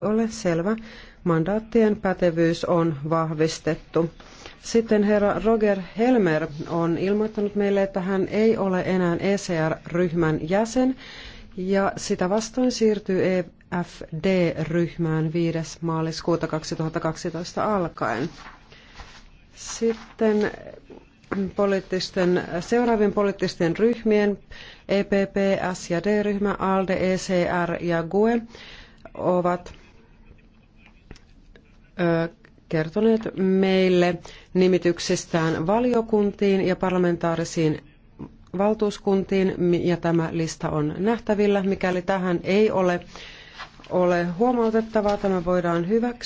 ole selvä. Mandaattien pätevyys on vahvistettu. Sitten herra Roger Helmer on ilmoittanut meille, että hän ei ole enää ECR-ryhmän jäsen ja sitä vastoin siirtyy EFD-ryhmään 5. maaliskuuta 2012 alkaen. Sitten poliittisten, seuraavien poliittisten ryhmien EPP, S- ja D-ryhmä, ALDE, ECR ja GUE ovat kertoneet meille nimityksistään valiokuntiin ja parlamentaarisiin valtuuskuntiin, ja tämä lista on nähtävillä. Mikäli tähän ei ole, ole huomautettavaa, tämä voidaan hyväksyä.